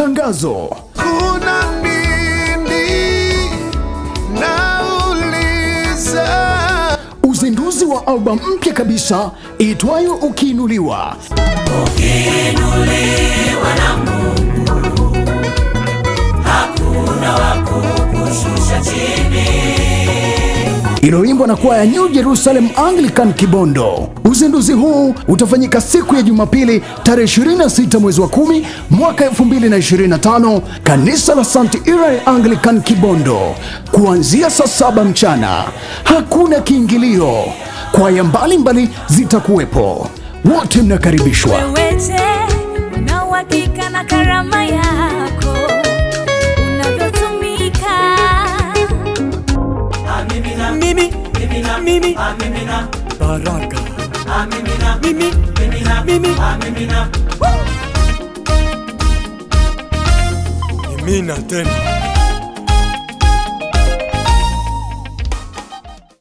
matangazo. Kuna nini nauliza? Uzinduzi wa albamu mpya kabisa itwayo Ukiinuliwa. Ukiinuliwa na Mungu hakuna wakukushusha chini iliyoimbwa na kwaya New Jerusalem Anglican Kibondo. Uzinduzi huu utafanyika siku ya Jumapili tarehe 26 mwezi wa 10 mwaka 2025 kanisa la St. Irai Anglican Kibondo kuanzia saa saba mchana. Hakuna kiingilio, kwaya mbalimbali zitakuwepo. Wote mnakaribishwa. Wewe uhakika na karama yako. Amimina, mimi amimina, baraka amimina, mimi Amimina, mimi amimina, Amimina tena